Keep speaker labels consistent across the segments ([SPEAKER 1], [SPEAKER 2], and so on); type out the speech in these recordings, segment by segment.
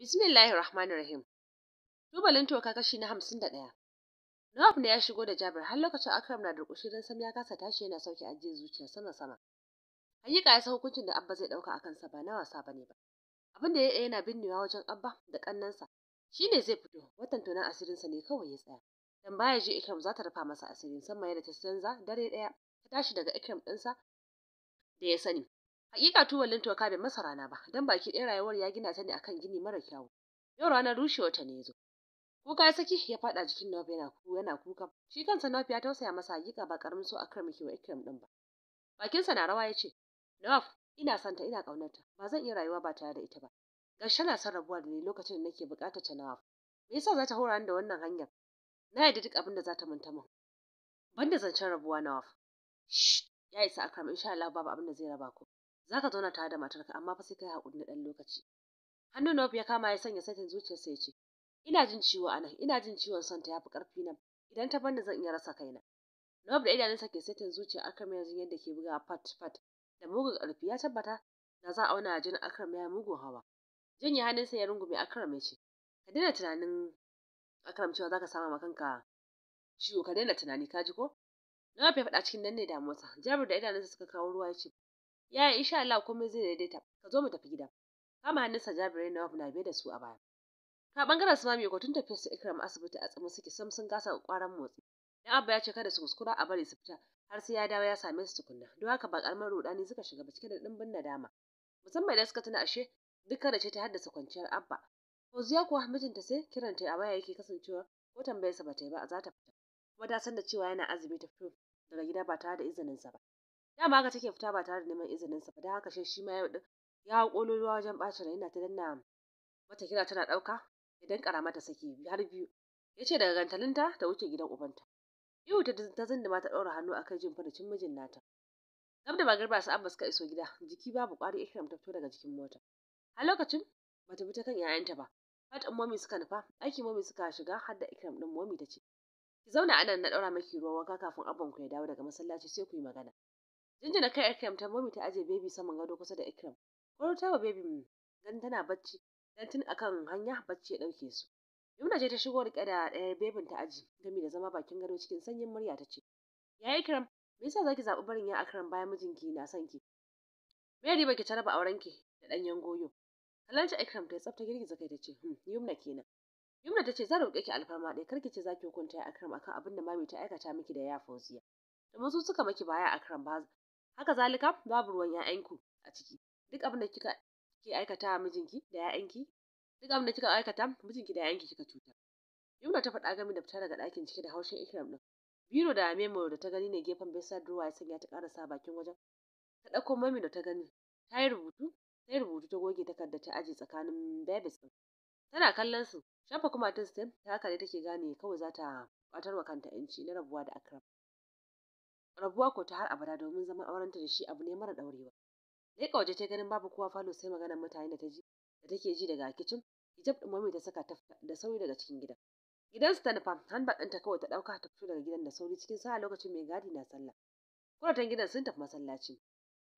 [SPEAKER 1] Bismillahir Rahmanir Rahim. Tubalin toka kashi na hamsin da ɗaya. Nawab ne ya shigo da Jabir har lokacin Akram na durƙushi don sam ya kasa tashi yana sauke ajiye zuciya sama sama. Hakika ya san hukuncin da Abba zai ɗauka akan sa ba na wasa bane ba. Abin da ya yana binnewa wajen Abba da Shi ne zai fito watan tunan asirinsa ne kawai ya tsaya. Dan baya je Ikram za ta rufa masa asirin sama yadda ta canza dare ɗaya ta tashi daga Ikram ɗinsa da ya sani Hakika tuwalin toka bai masa rana ba, don baki ɗaya rayuwar ya gina ta ne akan gini mara kyawu. Yau ranar rushe ta ne zo. Kuka ya saki ya faɗa jikin Nawaf yana ku yana kuka. Shi kansa Nawaf ya tausaya masa hakika ba karamin so Akram ke wa Ikram din ba. Bakinsa na rawa ya ce, Nawaf, ina santa ina ƙaunarta, ba zan iya rayuwa ba tare da ita ba. Gashi na son rabuwa da ni lokacin da nake buƙatar ta Nawaf. Me yasa za ta hora ni da wannan hanyar? Na yadda duk abin da za ta manta min. Banda zancen rabuwa Ya isa Akram insha Allah babu abin da zai raba za ka zauna tare da matarka amma fa sai ka yi haƙuri na ɗan lokaci hannun Nof ya kama ya sanya satin zuciyarsa ya ce ina jin ciwo a nan ina jin ciwon son ta yafi ƙarfi nan idan ta banda zan iya rasa kaina Nof da idanunsa ke satin zuciya Akram yanzu yadda ke buga fat fat da mugun ƙarfi ya tabbata da za a auna jin Akram ya mugun hawa janye hannunsa ya rungume Akram ya ce ka daina tunanin Akram cewa ka sama kanka ciwo ka daina tunani ka ji ko Nawaf ya faɗa cikin nan danne damuwarsa. Jabir da idanunsa suka kawo ruwa ya ce, ya insha Allah komai zai daidaita ka zo mu tafi gida kama sa Jabir yana na biye da su a baya ka bangaren su mami ko tun tafiya su Ikram asibiti a tsamin suke sam sun gasa kwaran motsi dan Abba ya ce kada su kuskura a bari su fita har sai ya dawo ya same su tukunna don haka ba karamar rudani suka shiga ba cike da dimbin nadama musamman da suka tuna ashe duka da ce ta haddasa kwanciyar Abba Ko Fauziya kuwa mijinta sai kiranta a baya yake kasancewa ko tambayarsa ba ta yi ba za ta fita kuma ta san da cewa yana azumi ta fito daga gida ba tare da izininsa ba dama haka take fita ba tare da neman izinin sa ba dan haka shi ma ya hau kololuwa wajen bacin rai yana ta danna mata kira tana dauka ya dankara mata saki har biyu ya ce daga gantalinta ta wuce gidan ubanta ihu ta zindima ta daura hannu akan jin farcin mijin nata gab da magarba su abba suka iso gida jiki babu kwari ikram ta fito daga jikin mota a lokacin bata bi ta kan yayanta ba fatin momi suka nufa aiki momi suka shiga har da ikram din momi ta ce ki zauna anan na daura maki ruwa wanka kafin abban ku ya dawo daga masallaci sai ku yi magana Jinjina kai Ikram ta momi ta ajiye bebi saman gado kusa da Ikram. Koro ta wa baby ganin tana bacci dan tun akan hanya bacci ya dauke su. Yumna ce ta shigo rike da ɗaya bebin ta aji gami da zama bakin gado cikin sanyin murya ta ce. Ya Ikram, me yasa zaki zaɓi barin ya akram bayan mijinki na son ki? Me riba ki ta raba ki da ɗanyen goyo? Kalanta Ikram ta tsafta girgiza kai ta ce, "Hmm, Yumna kenan." Yumna ta ce, za roƙe ki alfarma ɗaya, kar ki ce za ki hukunta ya Akram akan abin da mami ta aikata miki da ya Fauziya." Da masu suka maki baya Akram ba haka zalika babu ruwan 'ya'yanku a ciki duk abin da kika ke aikata mijinki da 'ya'yanki duk abin da kika aikata mijinki da ƴaƴanki kika cutar Yumna ta faɗa game da fita daga ɗakin ciki da haushin Ikram ɗin. Biro da Memo da ta gani ne gefen sa Duwa ya sanya ta ƙarasa bakin wajen. Ta ɗauko Mami da ta gani. Ta yi rubutu, ta yi rubutu ta goge takarda ta aje tsakanin Babes ɗin. Tana kallon su, shafa kumatun su ta haka ne take gane kawai za ta ƙwatar wa kanta ‘yanci na rabuwa da Akram. rabuwa ko ta har abada domin zaman aurenta da shi abu ne mara daurewa leƙa kawaje ta ganin babu kowa falo sai maganar mutane da ta ji da take ji daga kicin hijab din mami ta saka ta da sauri daga cikin gidan gidansu ta nufa handbag ɗinta kawai ta ɗauka ta fito daga gidan da sauri cikin sa lokacin mai gadi na sallah kuratan gidan sun tafi masallaci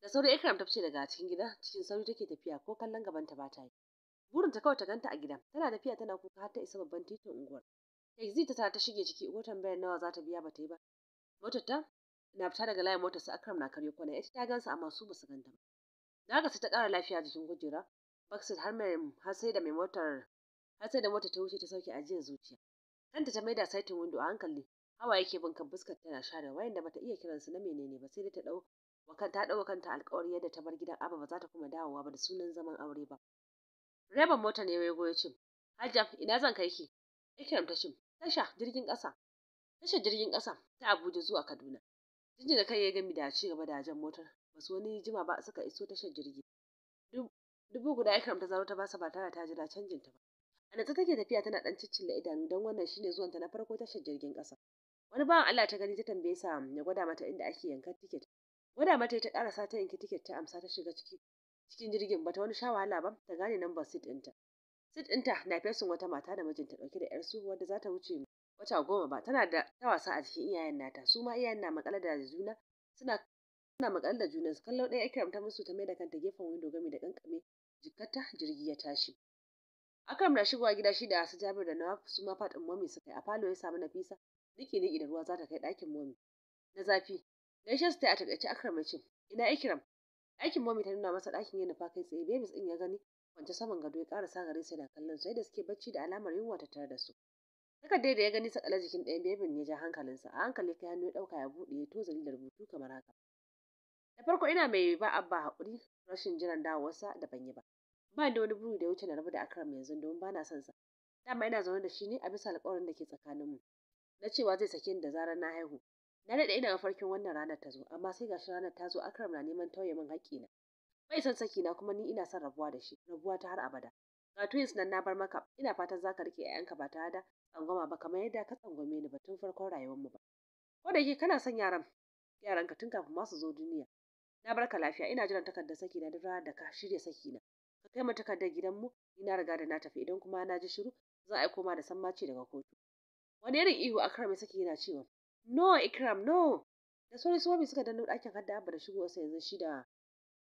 [SPEAKER 1] da sauri ikram ta fice daga cikin gida cikin sauri take tafiya ko kallon gaban ta ba ta yi Burin ta kawai ta ganta a gidan tana tafiya tana kuka har ta isa babban titin unguwar taxi ta ta shige ciki ko tambayar nawa za ta biya ba ta yi ba motar ta na fita daga layin motarsa akram na karyo kwana ita ta gansa amma su basu ganta ba da haka sai ta kara lafiya jikin gujera baksit har mai har sai da mai motar har sai da motar ta wuce ta sauke ajiyar zuciya kanta ta maida saitin windo a hankali hawa yake bin kan fuskar tana share wayan da bata iya kiran su na menene ba sai dai ta dau wakan ta dau kanta alƙawari yadda ta bar gidan Aba ba za ta kuma dawowa ba da sunan zaman aure ba reban motar ne ya goyo cin ina zan kai ki Ikram ta cin tasha jirgin ƙasa tasha jirgin ƙasa ta Abuja zuwa Kaduna da kai ya gami da ci gaba da jan motar. Ba su wani jima ba suka iso tashar jirgi. Dubu guda Ikram ta zaro ta basa ba tare ta jira canjin ta ba. A natsa take tafiya tana dan ciccilla idanu don wannan shine zuwanta na farko tashar jirgin kasa. Wani bawan Allah ta gani ta tambaye sa ya gwada mata inda ake yankan tiket. Gwada mata ta karasa ta yanki tiket ta amsa ta shiga ciki. Cikin jirgin bata wani sha wahala ba ta gane nambar sit ɗinta. Sit ɗinta na fesin wata mata da mijinta ɗauke da 'yarsu wadda za ta wuce wata goma ba tana da ta wasa a cikin iyayen nata su ma iyayen na makale da juna suna suna makala da junan su kallo ɗaya Akram ta musu ta mai da kanta gefen windo gami da kankame jikkata jirgi ya tashi Akram na shigowa gida shi da su Jabir da Nawaf su ma faɗin mami suka kai a falo ya samu Nafisa niki niki da ruwa za ta kai ɗakin mami na zafi gaishe su ta a takaice Akram ya ce ina Ikram ɗakin mami ta nuna masa ɗakin ya nufa kai tsaye babies ɗin ya gani kwance saman gado ya ƙara sa gare sai kallon su yadda suke bacci da alamar yunwa ta tare da su dai da ya gani sakalar jikin ɗaya bebin ne ya ja hankalinsa, a hankali ya kai hannu ya ɗauka ya buɗe ya tozali da rubutu kamar haka. Da farko ina mai ba Abba haƙuri rashin jiran dawowarsa da ban yi ba. Ba ni da wani buri da ya wuce na rabu da Akram yanzu domin ba na son sa. Dama ina zaune da shi ne a bisa alƙawarin da ke tsakaninmu. Na cewa zai sake ni da zarar na haihu. Na daɗe ina mafarkin wannan ranar ta zo, amma sai gashi ranar ta zo Akram na neman tauye min haƙƙina. Bai son saki na kuma ni ina son rabuwa da shi, rabuwa ta har abada. Ga twins nan na bar maka, ina fatan za ka riƙe 'ya'yanka ba tare da tsangwama ba kamar yadda ka tsangwame ni ba tun farkon rayuwar mu ba ko da yake kana son yaran yaranka tun kafin ma zo duniya na barka lafiya ina jiran takardar saki na duk da ka shirya saki na ka kai mu takardar gidan mu ina riga da na tafi idan kuma na ji shiru a aiko ma da sammaci daga kotu wani irin ihu akram mai saki yana cewa no ikram no da sauri sobi suka danno ɗakin hadda abba da shigowarsa yanzu shi da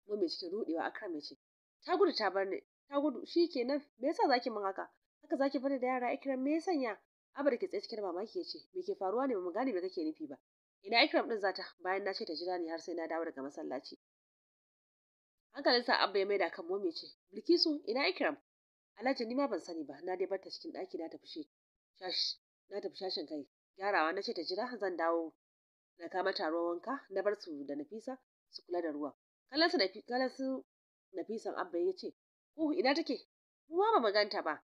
[SPEAKER 1] mu mai cikin rudewa akram mai ce ta gudu ta bar ni ta gudu shi kenan me yasa zaki min haka haka zaki bani da yara Ikram me ya sanya Abar ke tsaye cikin mamaki ya ce me ke faruwa ne mu gane me kake nufi ba ina Ikram din zata bayan na ce ta jira ni har sai na dawo daga masallaci sa Abba ya mai maida kan ya ce Bilkisu ina Ikram Alhaji ni ma ban sani ba na dai barta cikin ɗaki na tafi na tafi shashin kai gyarawa na ce ta jira zan dawo na kama taruwar wanka na bar su da Nafisa su kula da ruwa kallon su Nafisan Abba ya ce uh ina take mu ma ba maganta ba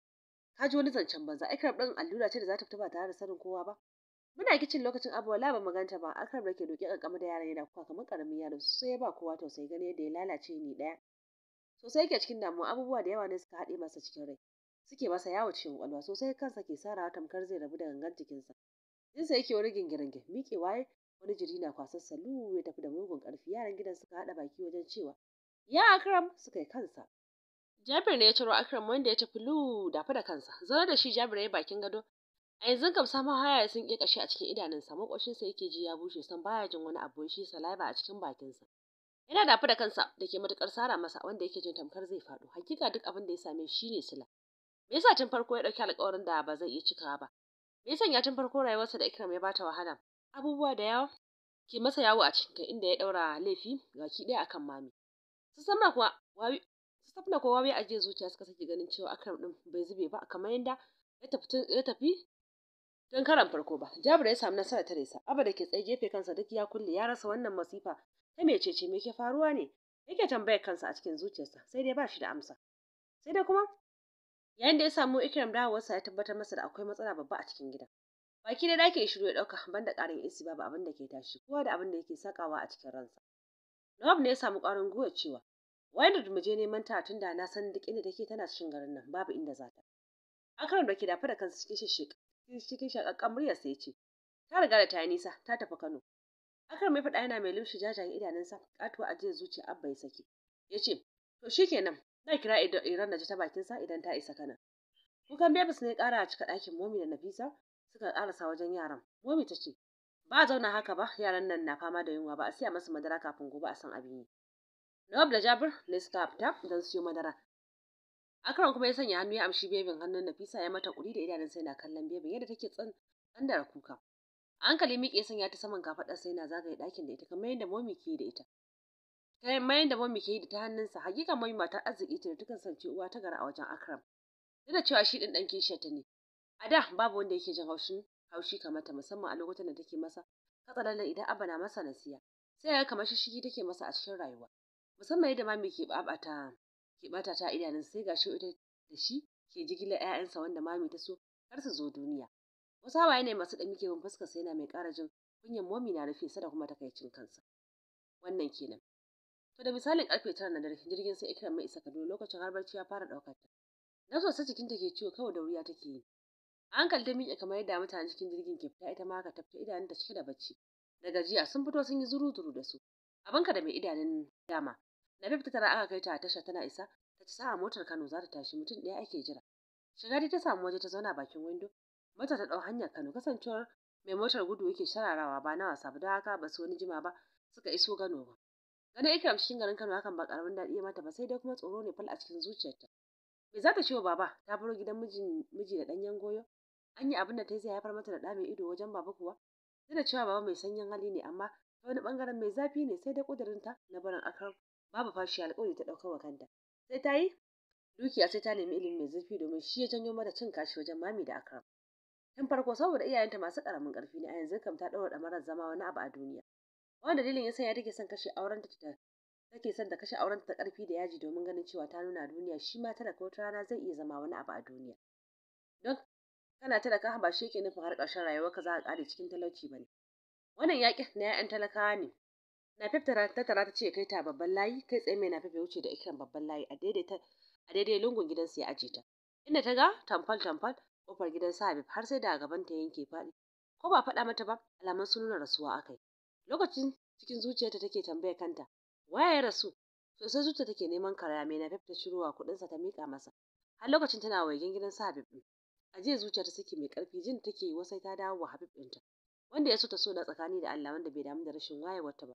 [SPEAKER 1] ka ji wani zancen banza ai ɗin allura ce da za ta fita ba tare da sanin kowa ba muna kicin lokacin abu wala ba maganta ba a ke doke kankama da yaran yana kuka kamar karamin yaro sosai ya ba kowa tausayi gani yadda ya lalace ni daya sosai yake cikin damuwa abubuwa da yawa ne suka haɗe masa cikin rai suke masa yawo cikin kwalwa sosai kansa ke sarawa tamkar zai rabu da gangan jikinsa jinsa yake wani gingiringe miƙe waye wani jiri na kwasar salu ya tafi da mugun ƙarfi yaran gidan suka haɗa baki wajen cewa ya akram suka yi kansa Jabir ne ya ciro Akram wanda ya tafi lu dafa da kansa. Zaune da shi Jabir ya bakin gado. A yanzu kam sama haya sun ƙi kashe a cikin idanunsa, sa yake ji ya bushe san baya jin wani abu shi saliva a cikin bakinsa. Yana dafa da kansa da ke matukar sara masa wanda yake jin tamkar zai faɗo. Hakika duk abin da ya same shi ne sila. Me yasa tun farko ya ɗauki alƙawarin da ba zai iya cikawa ba? Me yasa ya tun farko rayuwarsa da akram ya bata wahala? Abubuwa da yawa ke masa yawo a cikin inda ya ɗaura laifi gaki ɗaya akan mami. Su sama kuwa sabna kowa mai ajiye zuciya suka sake ganin cewa akram din bai zube ba kamar yadda ya tafi tun karan farko ba jabir ya samu nasara ta resa aba da ke tsaye gefe kansa duk ya kulle ya rasa wannan masifa ta mecece me ke faruwa ne yake tambayar kansa a cikin zuciyarsa sai dai ba shi da amsa sai dai kuma yayin da ya samu ikram dawowarsa ya tabbatar masa da akwai matsala babba a cikin gidan baki da dake shiru ya dauka banda karin isi babu abin da ke tashi kowa da abin da yake sakawa a cikin ransa Nawab ne ya samu ƙwarin gwiwa cewa wai da mu neman ta tunda na san duk inda take tana cikin garin nan babu inda za ta akaran da ke dafa da kansa cikin shishik cikin shakakkan muryar sai ce ta riga da tayi nisa ta tafi Kano akan mai fada yana mai lumshi jajayen idanunsa katuwa a jiya zuciya abba ya saki. ya ce to shikenan na kira iran na ji ta bakinsa idan ta isa kana kukan bebis ne kara a cika ɗakin momi da nafisa suka ƙarasa wajen yaran momi ta ce ba a zauna haka ba yaran nan na fama da yunwa ba a siya masu madara kafin gobe a san abin yi Nawab da Jabir ne suka fita don siyo madara. Akram kuma ya sanya hannu ya amshi bebin hannun Nafisa ya mata kuri da idanun sai na kallon bebin yadda take tsan tsandara kuka. Hankali miƙe ya sanya ta saman kafaɗar sai na zagaye ɗakin da ita kamar yadda momi ke da ita. mayar da momi ke da ta hannunsa hakika momi mata arziki ta da ta kasance uwa ta gara a wajen Akram. Duk da cewa shi ɗin ɗan kishiyarta ne. A da babu wanda yake jin haushin haushi kamar ta musamman a lokutan da take masa katsalandan idan abana masa nasiya. Sai ya kamar take masa a cikin rayuwa. musamman yadda mami ke babata ke bata ta idanun sai ga shi ita da shi ke jigila 'ya'yansa wanda mami ta so har su zo duniya wasu hawaye ne masu ɗan bin fuskar sa yana mai ƙara jin kunyar momi na rufe sa da kuma takaicin kansa wannan kenan to da misalin karfe tara na dare jirgin sai ikiran mai isa kaduna lokacin har barci ya fara ɗaukar ta na sosai jikinta ke ciwo kawai da wuya take yi hankali ta miƙe kamar yadda mutane cikin jirgin ke fita ita ma haka ta fita ta cike da bacci da gajiya sun fito sun yi zuru-zuru da su abinka da mai idanun dama Labib ta tara aka kai ta a tasha tana isa ta ci sa'a motar Kano za ta tashi mutum ɗaya ake jira. Shiga dai ta samu waje ta zauna bakin windo. Mata ta ɗau hanyar Kano kasancewar mai motar gudu yake shararawa ba na wasa ba don haka ba su wani jima ba suka iso Kano ba. Ganin Ikram cikin garin Kano hakan ba karamin daɗi ya mata ba sai dai kuma tsoro ne fal a cikin zuciyarta. Me za ta ce wa baba ta buro gidan miji da ɗanyen goyo? An yi abin da ta zai haifar mata da ɗa mai ido wajen baba kuwa? Duk da cewa baba mai sanyin hali ne amma ta wani ɓangaren mai zafi ne sai dai kudurinta na barin akram babu fashi alƙawari ta ɗaukar wa sai ta yi dukiya sai ta nemi ilimi mai zurfi domin shi ya janyo mata cin kashi wajen mami da akram tun farko saboda iyayenta masu ƙaramin ƙarfi ne a yanzu kam ta ɗaura ɗamarar zama wani abu a duniya wanda dalilin ya sanya take son kashe auren ta take son da kashe auren ta ƙarfi da yaji domin ganin cewa ta nuna duniya shi ma ko ta rana zai iya zama wani abu a duniya don kana talaka ba shi yake nufin har ƙarshen rayuwarka za ka ƙare cikin talauci ba ne wannan yaƙin na 'ya'yan talakawa ne Nafif ta tara ta ce kai ta babban layi kai tsaye mai Nafif ya wuce da ikiran babban layi a a daidai lungun gidan ya aje ta. Inda ta ga tamfal tamfal kofar gidan sa Habib har sai da gaban ta yanke faɗi. Ko ba faɗa mata ba alamun sun nuna rasuwa akai. Lokacin cikin zuciyarta take tambayar kanta waye ya rasu sosai zuciya take neman karaya mai Nafif ta kuɗin sa ta mika masa. Har lokacin tana waigen gidan sa Habib ɗin. A jiya zuciya ta saki mai ƙarfi jin take wasai ta dawo wa Habib ɗinta. Wanda ya so ta so da tsakani da Allah wanda bai damu da rashin wayewarta ba.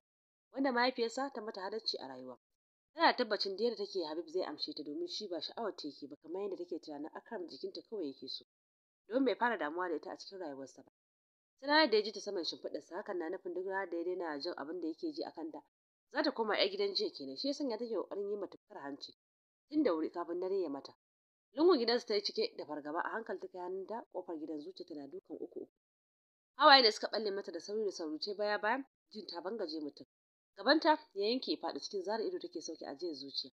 [SPEAKER 1] wanda mahaifiyarsa ta mata halacci a rayuwa tana tabbacin da yadda take Habib zai amshe ta domin shi ba sha'awar ta yake ba kamar yadda take tunanin akram jikinta kawai yake so don bai fara damuwa da ita a cikin rayuwarsa ba sai da ya ji ta saman shimfiɗarsa hakan na nufin duk da ya daina jin abin da yake ji a kanta za ta koma ya gidan jiya kenan shi ya sanya take ƙoƙarin yi mata fukar hanci tun da wuri kafin dare ya mata lungun gidansa ta yi cike da fargaba a hankali ta kai da ƙofar gidan zuciya tana dukan uku uku hawaye da suka balle mata da sauri da sauruce baya bayan jin ta bangaje mutum gabanta ya yanke faɗi cikin zara ido take sauke ajiyar zuciya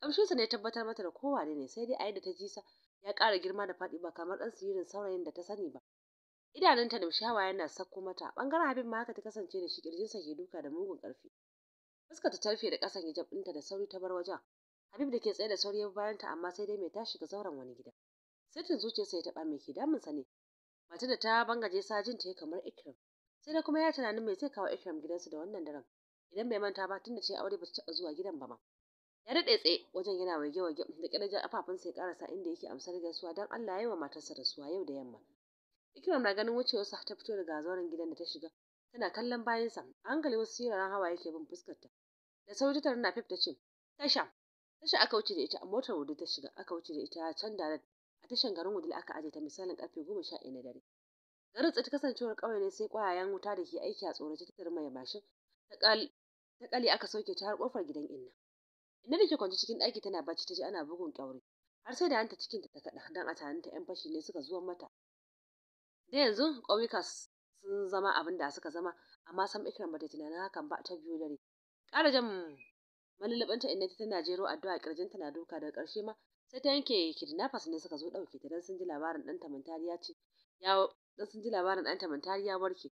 [SPEAKER 1] kamshinsa ne ya tabbatar mata da kowa ne ne, sai dai a yadda ta ji sa ya ƙara girma da faɗi ba kamar ɗan sirrin saurayin da ta sani ba idanunta da shawa yana sakko mata bangaren abin ma haka ta kasance da shi kirjinsa ke duka da mugun ƙarfi fuska ta tarfe da ƙasan hijab ɗinta da sauri ta bar wajen Habib da ke tsaye da sauri ya bayan ta amma sai dai mai tashi ga zauren wani gida sirtin zuciyarsa ya taɓa mai ke damunsa ne Mata da ta bangaje sa jin ta kamar Ikram sai da kuma ya tunanin mai zai kawo Ikram gidansu da wannan daren idan bai manta ba tunda ce aure ba ta taɓa zuwa gidan ba ma ya daɗe tsaye wajen yana wage-wage da ƙirajin afafunsa ya ƙarasa inda yake amsar gaisuwa don Allah ya yi wa matarsa rasuwa yau da yamma Ikram na ganin wucewarsa ta fito daga zauren gidan da ta shiga tana kallon bayansa a hankali wasu siraran hawa yake bin fuskarta da sauri ta na fif ta ce tasha tasha aka wuce da ita a motar wudil ta shiga aka wuce da ita can da a tashan garin wudil aka aje ta misalin karfe goma sha ɗaya na dare garin ta kasancewar ƙauye ne sai ƙwayayen wuta da ke aiki a tsorace ta tarmaye mashin ta ta kale aka soke ta har kofar gidan inna inna da ke kwance cikin ɗaki tana bacci ta ji ana bugun kyaure har sai da hanta cikin ta kaɗa don a ta yan fashi ne suka zuwa mata da yanzu ƙauyuka sun zama abin da suka zama amma sam ikiran bata tunanin hakan ba ta biyo dare ƙara jan malulubanta inna tana jero addu'a ƙirjin tana duka daga ƙarshe ma sai ta yanke kidnappers ne suka zo ɗauke ta don sun ji labarin ɗan mantariya ce ya don sun ji labarin warke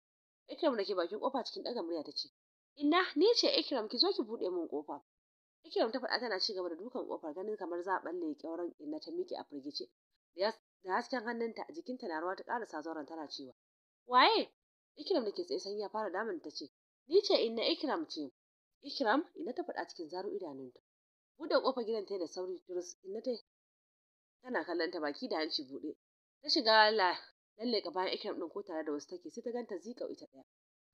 [SPEAKER 1] ikiran da ke bakin kofa cikin ɗaga murya ta ce, inna ni ce ikiram ki zo ki buɗe min kofa ikiram ta faɗa tana ci gaba da dukan kofar ganin kamar za a balle ƙyauren inna ta miƙe a firgice da hasken hannunta jikinta na ruwa ta ƙara zauren tana cewa waye ikiram da ke tsaye sanyi fara damun ta ce ni ce inna ikiram ce ikiram inna ta faɗa cikin zaro idanunta buɗe ƙofar gidan ta da sauri turus inna ta tana kallon ta baki da hanci buɗe ta shiga la lalle bayan ikiram ɗin ko tare da wasu take sai ta ganta zika ita ɗaya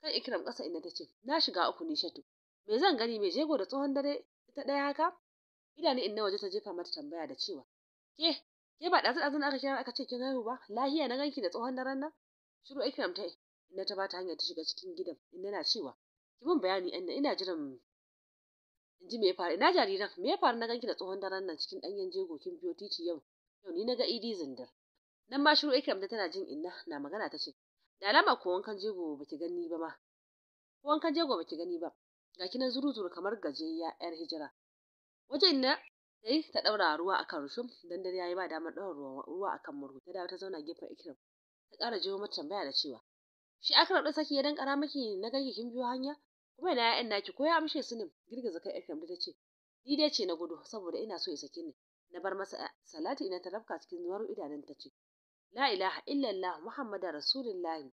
[SPEAKER 1] Sai ikiram ƙasa inda ta ce na shiga uku ni shatu me zan gani mai jego da tsohon dare ita ɗaya haka idanu inna waje ta jefa mata tambaya da cewa ke ke ba ɗazu na aka kira aka ce kin haihu ba lahiya na ganki da tsohon daren nan shiru ikiram ta inna ta bata hanyar ta shiga cikin gidan inna na cewa ki min bayani inna ina jiran in ji me ya faru ina jariran me ya faru na ganki da tsohon daren nan cikin ɗanyen jego kin biyo titi yau yau ni na ga idi zindar nan ma shiru ikiram ta tana jin inna na magana ta ce da alama ko wankan jego ki gani ba ma ko wankan jego baki gani ba ga kinan zuruzuru kamar gajeriya yar hijira wajen na sai ta daura ruwa akan rushin dan dare yayi ba damar daura ruwa akan murhu ta dawo ta zauna gefen ikiram ta ƙara jiwo mata tambaya da cewa shi aka da saki ya dan ƙara miki na garki kin biyo hanya kuma ina ya'yan naki ko ya amshe su ne girgiza kai ikiram da ce ni dai ce na gudu saboda ina so ya sake ni na bar masa eh, salati ina ta rafka cikin zuwar idanun ta ce La ilaha illallah Muhammadu Rasulullahi.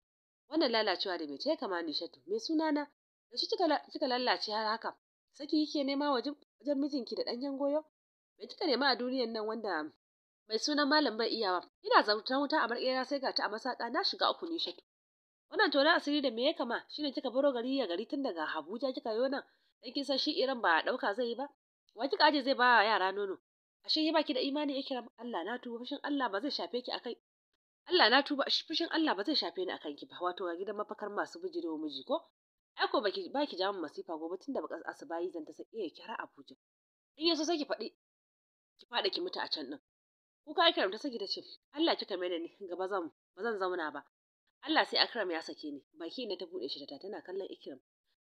[SPEAKER 1] Wannan lalacewa da mai ya mani Nishatu mai sunana da shi kika lalace har haka. Saki yake nema wajen mijinki da ɗanyen goyo? mai kika nema a duniyan nan wanda mai sunan malam bai iyawa? Ina zautar wuta a marƙera sai ga ta a masaka na shiga uku shatu Wannan tona asiri da me ya kama shine kika baro gari ya gari tun daga Habuja, kika yi nan dan kin san shi irin ba ɗauka zai yi ba. Wa kika aje zai ba yara nono? Ashe yi baki da imani ya kira Allah na tuba shin Allah ba zai shafe ki akai Allah na tuba fushin Allah ba zai shafe ni akan ki ba wato ga gidan mafakar masu bijirewa miji ko ai ko baki baki ja masifa gobe tunda baka asubayi zan ta sai iya kira Abuja in yaso sai ki faɗi ki faɗi ki mutu a can din kuka kira karamta saki ce, Allah kika maida ni gaba zan ba zan zauna ba Allah sai Akram ya sake ni baki na ta bude shi ta tana kallon Ikram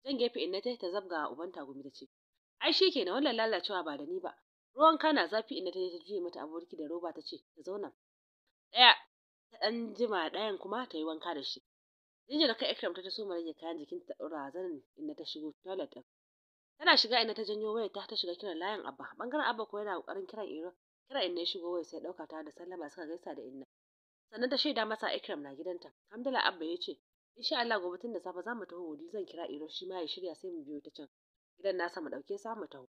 [SPEAKER 1] Jan gefe in ta ta zabga uban ta tace ai shikenan wannan lalacewa ba da ni ba ruwan kana zafi in ta je ta juye mata aburki da roba tace ta zauna daya ta ɗan jima ɗayan kuma ta yi wanka da shi da kai Ikram ta so rage kayan jikin ta ɗora zanen inda ta shigo toilet ɗin tana shiga ina ta janyo wayar ta ta shiga kiran layin Abba bangaren Abba ko yana ƙoƙarin kiran Iro kiran inda ya shigo wayar sai ɗauka ta da sallama suka gaisa da inna sannan ta shaida masa Ikram na gidanta Hamdala Abba ya ce insha Allah gobe tun da safe za mu taho wuri zan kira Iro shi ma ya shirya sai mu biyo ta can gidan nasa mu ɗauke sa mu taho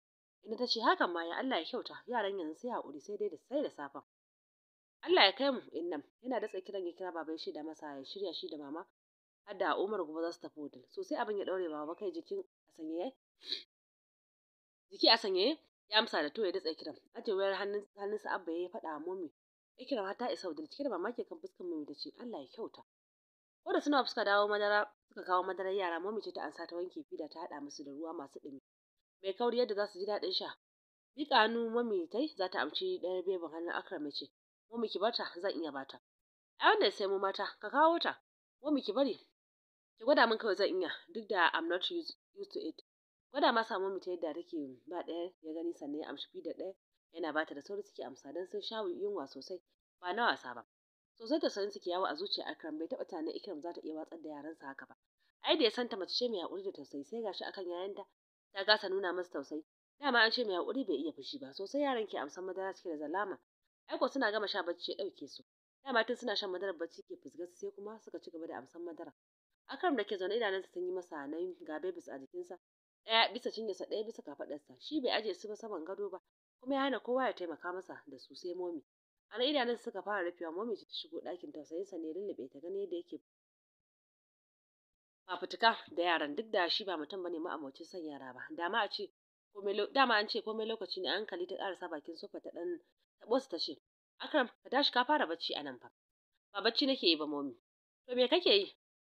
[SPEAKER 1] inda ta ce hakan ma ya Allah ya kyauta yaran yanzu sai haƙuri sai dai da sai da safen Allah ya kai mu innam yana da kiran ya kira baba ya da masa ya shirya shi da mama har da Umar gobe za su tafi hotel sosai abin ya daure baba kai jikin a sanyaye jiki a sanyaye ya amsa da to ya datsa kiran ce wayar hannun sa abba ya faɗa mummy ikira har ta isa hotel cike da ke kan fuskar mummy ta ce Allah ya kyauta ko da suna fuska dawo madara suka kawo madarar yara mummy ce ta ansa ta wanke fida ta haɗa musu da ruwa masu dumi mai kauri yadda za su ji daɗin sha Miƙa hannu mami tai za ta amci ɗaya bebin hannun Akram ce mu miki bata, zan iya bata ai wannan sai mu mata ka kawo ta mu ki bari ki gwada min kawai zan iya duk da I'm not used, used to it gwada ma samu mu ta yadda take ba ɗaya ya gani sannan ya amshi da daya yana bata da sauri suke amsa dan sun sha yunwa sosai ba na wasa ba sosai ta sanin suke yawo a zuciya Akram bai taɓa tunanin Ikram za ta iya watsar da yaransa haka ba ai da ya santa mace ce mai haƙuri da tausayi sai gashi akan yayanta ta gasa nuna masa tausayi dama an ce mai haƙuri bai iya fushi ba sosai yaran ke amsan madara suke da zalama Aiko suna gama sha bacci ya ɗauke su. Dama tun suna shan madarar bacci ke fusgar sai kuma suka ci gaba da amsan madara. Akram da ke zaune idanunsa sun yi masa nauyi ga babies a jikinsa. Ɗaya bisa cinye cinyarsa ɗaya bisa kafaɗarsa. Shi bai aje su ba saman gado ba kuma ya hana kowa ya taimaka masa da su sai momi. A nan idanunsa suka fara rufewa momi ta shigo ɗakin tausayinsa ne lullube ta gani yadda yake fafutuka da yaran duk da shi ba mutum bane ma'amocin son yara ba dama a ce dama an ce komai lokaci ne hankali ta ƙarasa bakin sofa ta ɗan. taɓo su ta ce Akram ka tashi ka fara bacci a nan fa ba bacci nake yi ba momi to me kake yi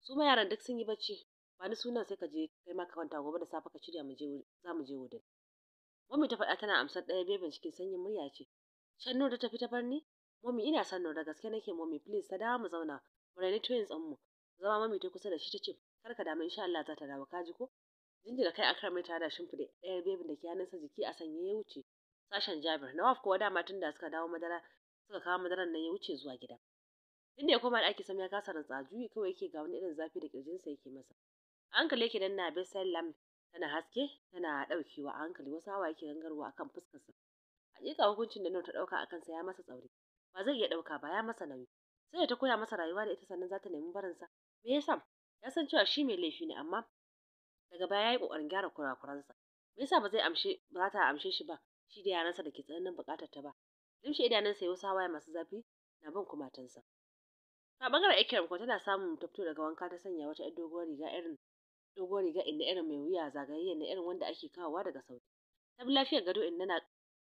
[SPEAKER 1] su ma yaran duk sun yi bacci ba ni sunan sai ka je kai ma ka kwanta gobe da safe ka shirya mu je za mu je wudin momi ta faɗa tana amsar ɗaya bebin cikin sanyin murya ce can nura ta tafi ta barni momi ina son nura gaske nake momi please ta dawo mu zauna mu raini twins ɗin mu zama mami ta kusa da shi ta ce kar ka damu insha Allah za ta dawo ka ji ko jinjira kai akram ta da shimfiɗe ɗayar bebin da ke hannunsa jiki a sanye ya wuce sashen Jabir. nawa kuwa dama tun da suka dawo madara suka kawo madaran nan ya wuce zuwa gida. Tun da ya koma ɗaki sam ya kasa rantsa juyi kawai yake ga wani irin zafi da kirjinsa yake masa. A hankali yake nan na Besal Lam tana haske tana daukewa a hankali wasu hawa yake gangarwa akan fuskarsa. Hakika hukuncin da nawa ta ɗauka akan kansa ya masa tsauri. Ba zai iya ɗauka ba ya masa nauyi. Sai ta koya masa rayuwa da ita sannan za ta nemi barinsa. Me yasa? Ya san cewa shi mai laifi ne amma daga baya ya yi ƙoƙarin gyara kurakuransa. Me yasa ba zai amshe ba za ta amshe shi ba? shi da yaransa da ke tsananin buƙatar ta ba limshe idanunsa ya wasu waya masu zafi na bin kumatunsa a bangaren ikiram kuwa tana samun ta fito daga wanka ta sanya wata yar doguwar riga irin doguwar riga inda irin mai wuya zagayayyen na irin wanda ake kawowa daga sauti ta bi lafiyar gado inda na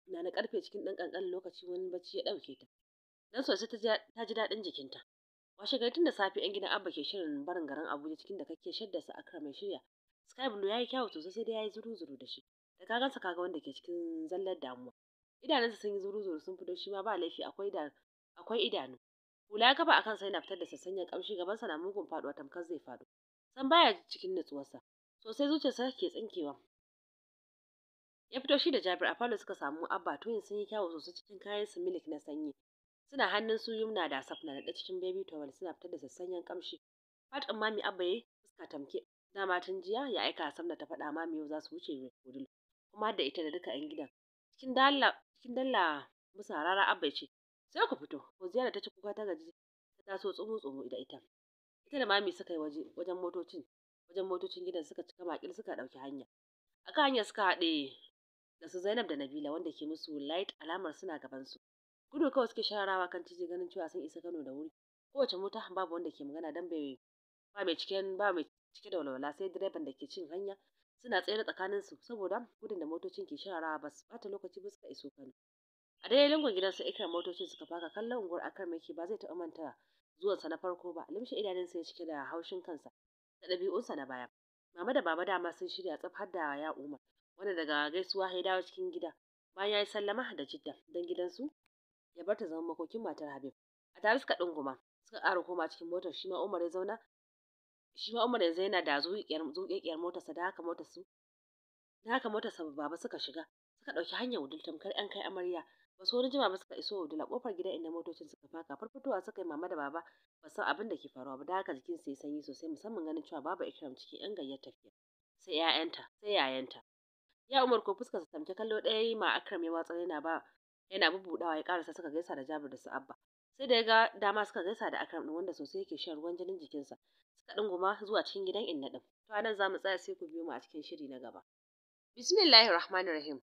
[SPEAKER 1] na na karfe cikin dan kankan lokaci wani bacci ya dauke ta dan sosai ta ji daɗin jikinta washe gari tun da safe gidan abba ke shirin barin garin abuja cikin da kake shaddasa akra mai shirya sky blue yayi kyawu sosai sai dai yayi zuru zuru da shi da ka gansa kaga wanda ke cikin zallar damuwa idanunsa sun yi zuru-zuru sun fito shi ma ba laifi akwai da akwai idanu hula ya kafa akan sai na fitar da ya kamshi gabansa na mugun faduwa tamkar zai faɗo san baya cikin nutsuwarsa sosai zuciyarsa ke tsinkewa ya fito shi da Jabir a falo suka samu abba tuyin sun yi kyawu sosai cikin kayan su milik na sanyi suna hannun su yumna da safna da cikin baby towel suna fitar da sassanyen kamshi fatin mami abba ya fuska tamke dama tun jiya ya aika safna ta faɗa mami yau za su wuce wudul kuma da ita da duka 'yan gidan. Cikin dalla cikin musu harara Abba ce, sai ku fito, da ta ci kuka ta gaji ta taso tsumu-tsumu da ita. Ita da mami suka yi wajen motocin wajen motocin gidan suka cika makil suka ɗauki hanya. A kan hanyar suka haɗe da su Zainab da Nabila wanda ke musu light alamar suna gaban su Gudu kawai suke shararawa kan cike ganin cewa sun isa Kano da wuri. Kowace mota babu wanda ke magana dan bai ba mai cike da walwala sai direban da ke cin hanya suna tsere su saboda gudun da motocin ke shara ba su bata lokaci ba suka iso Kano. A dai lungun su ikar motocin suka faka kallon unguwar akan miki ba zai taɓa manta sa na farko ba idanun sa ya cike da haushin kansa da ɗabi'unsa na baya. Mama da baba dama sun shirya tsaf har da ya Umar wanda daga gaisuwa ya dawo cikin gida bayan ya yi sallama da jidda don su ya bar ta zama makokin matar Habib. A tare suka ɗunguma suka ƙara koma cikin motar shi ma Umar ya zauna shi ma Umar yanzu yana da zuƙeƙiyar motarsa da haka motarsu da haka sa baba suka shiga suka ɗauki hanyar wudul tamkar ‘yan kai amarya ba su wani jima ba suka iso wudula kofar ƙofar gidan inda motocin suka faka farfitowa suka yi mama da baba ba san abin da ke faruwa ba da haka jikin sai sanyi sosai musamman ganin cewa babu ikram ciki, ‘yan gayyar tafiya sai ‘ya'yanta sai yayanta ya umar ko fuskar su tamke kallo ɗaya yi ma akram ya watsar yana ba yana bubbudawa ya karasa suka gaisa da jabir da su abba sai da ya ga dama suka gaisa da akram ɗin wanda sosai yake shan ruwan jinin jikinsa suka ɗinguma zuwa cikin gidan inna ɗin to anan za mu tsaya sai ku biyo mu a cikin shiri na gaba bismillahir rahmanir rahim